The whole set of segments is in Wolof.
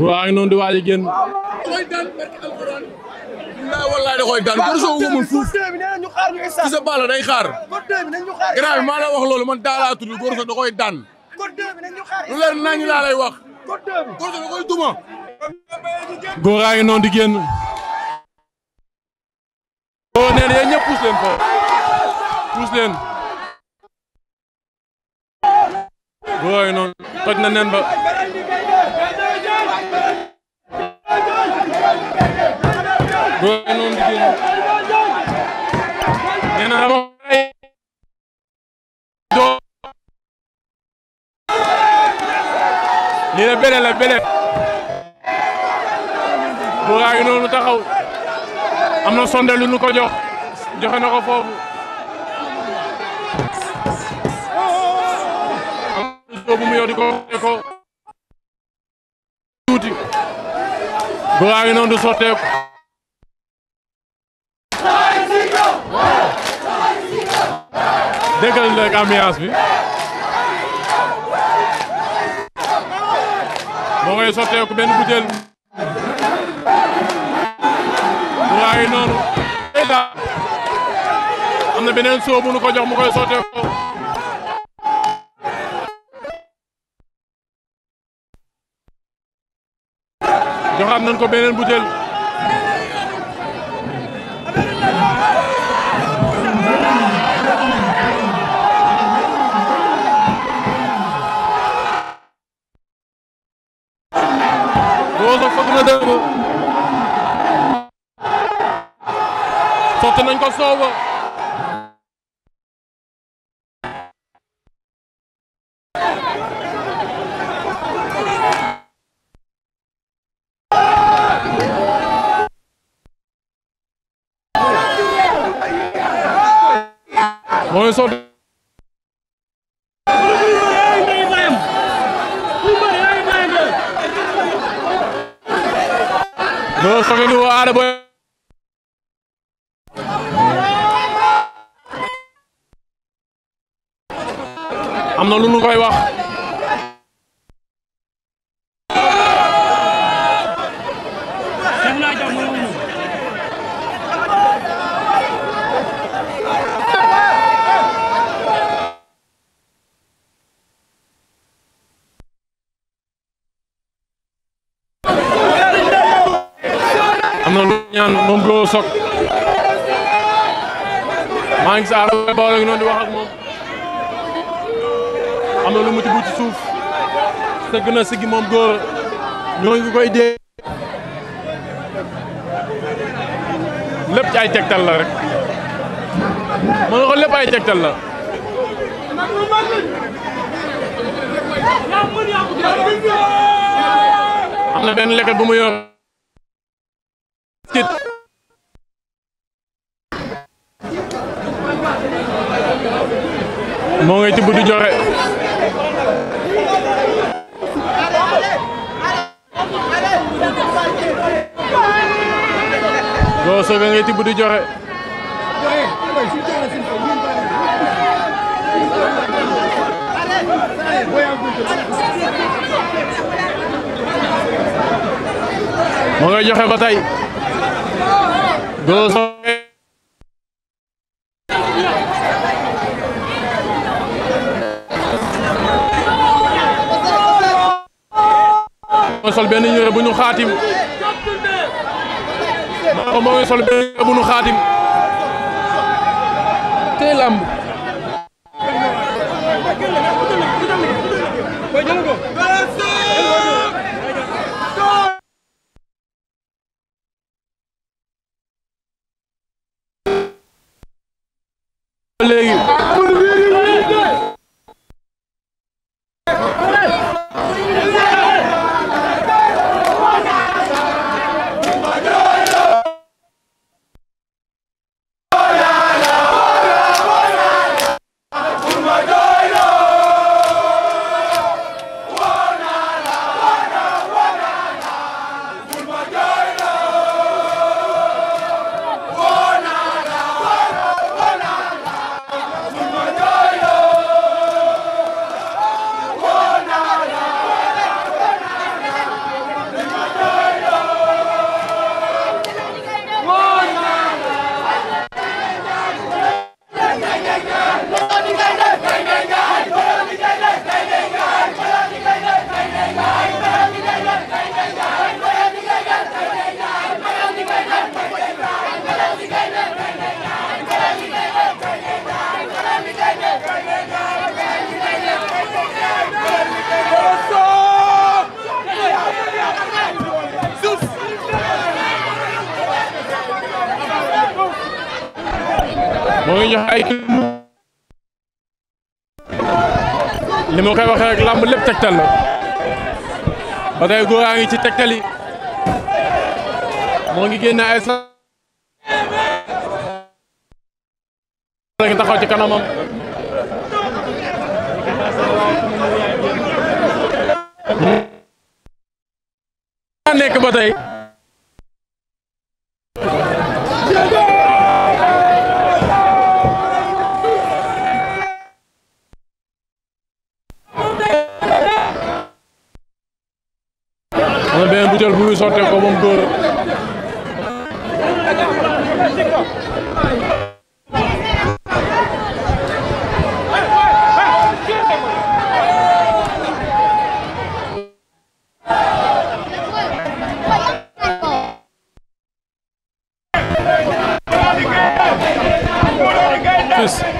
waa ngi noon di waaj a génn. wallaay da koy daan Borzo wu ma fuuf Fils de day xaar. gannaaw maa la wax loolu man daal laa tudd Borzo koy daan. lu leer nañu laa lay wax. Borzo da koy duma. góor a ngi noonu di génn. boo nee na yéen ñëpp pousse leen ko toj na nen ba góor taxaw am na sonde nu ko jox joxe na ko foofu ko bu mu yow di ko ko yi sotteeku benn butéel bras yi noonu am ko jox mu koy sotteeku joxaat nañ ko beneen butéel Roso fëgg na dëgg sotti nañ ko sooba Loos Fafel wo Ada Boy am na lu nu koy wax Aline Sarr Boy Baol a ngi noonu di moom am na lu mu tibb ci suuf sëgg na sigi moom góor ñoo ngi koy dee lépp ci ay tegtal la rek mën nga ko lépp ay tegtal la am na benn lekkat bu mu yor morceau bi ngay tibb di joxe. mu ngay joxe ba tey. Gauze moo sol benn ñëre bu ñu xaatim. moom moo ngi sol benn Ibnu Xaadim tey làmb léegi ngi jox ay li ma koy waxee rek làmb lépp tegtal la ba tey góor a ngi ci tegtal yi moo ngi génne ay sa ngi taxaw ci kanamam nekk ba tey sottee ko moom dóor Peace.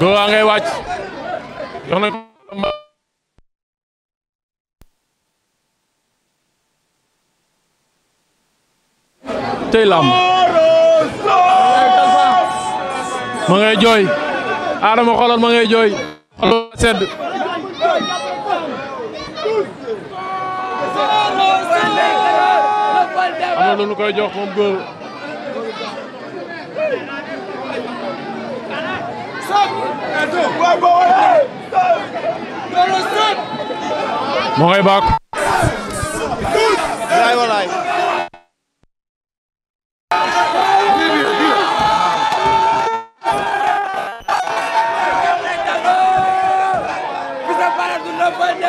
Dora ngay wàcc jox na ko tey làmb ma ngay jooy Adama xoolal ma jooy xoolal sedd am na lu ñu koy jox moom góor moo ngay bàkk. laay walaay. Bisa para tu nampak ni,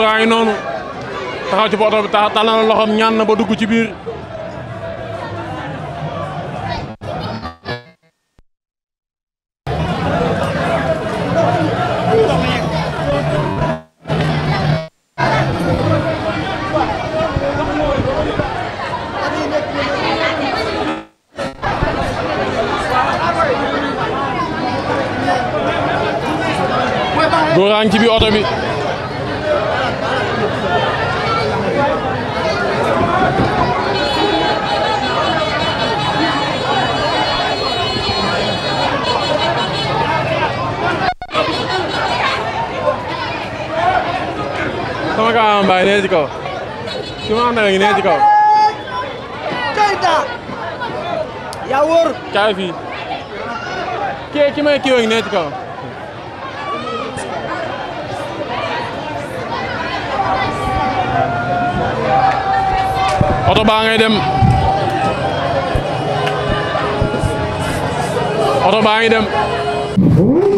dóoraa ngi noonu ci boto bi tàllal ba dugg ci biir ci biir oto bi sama kaw ki ma àndal nee ki may baa ngay dem oto baa ngi dem.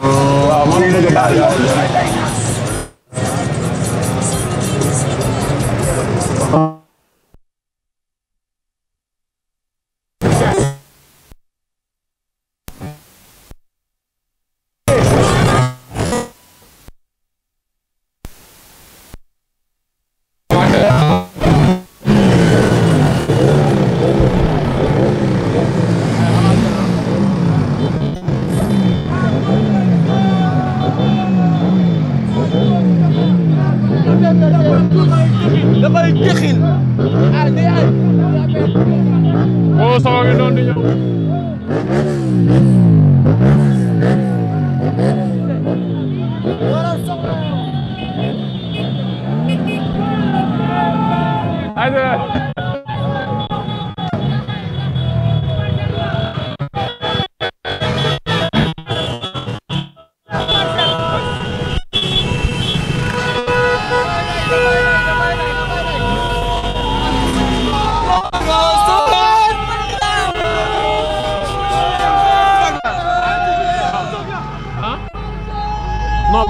waaw man non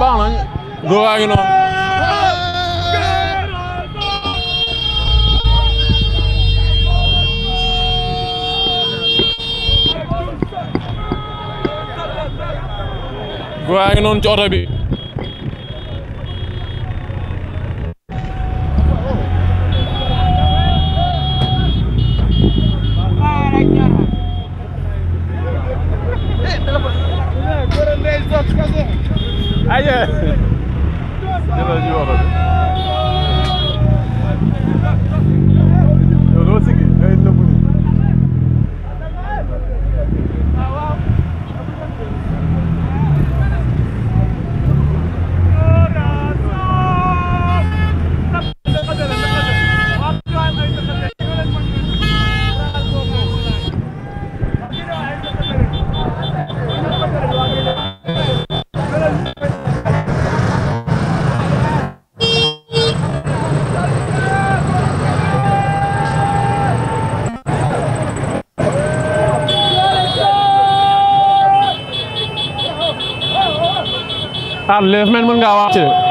baax nañ góor a ngi noonu waa ngi noonu ci oto bi aye xaar léegi mën ngaa wax ci de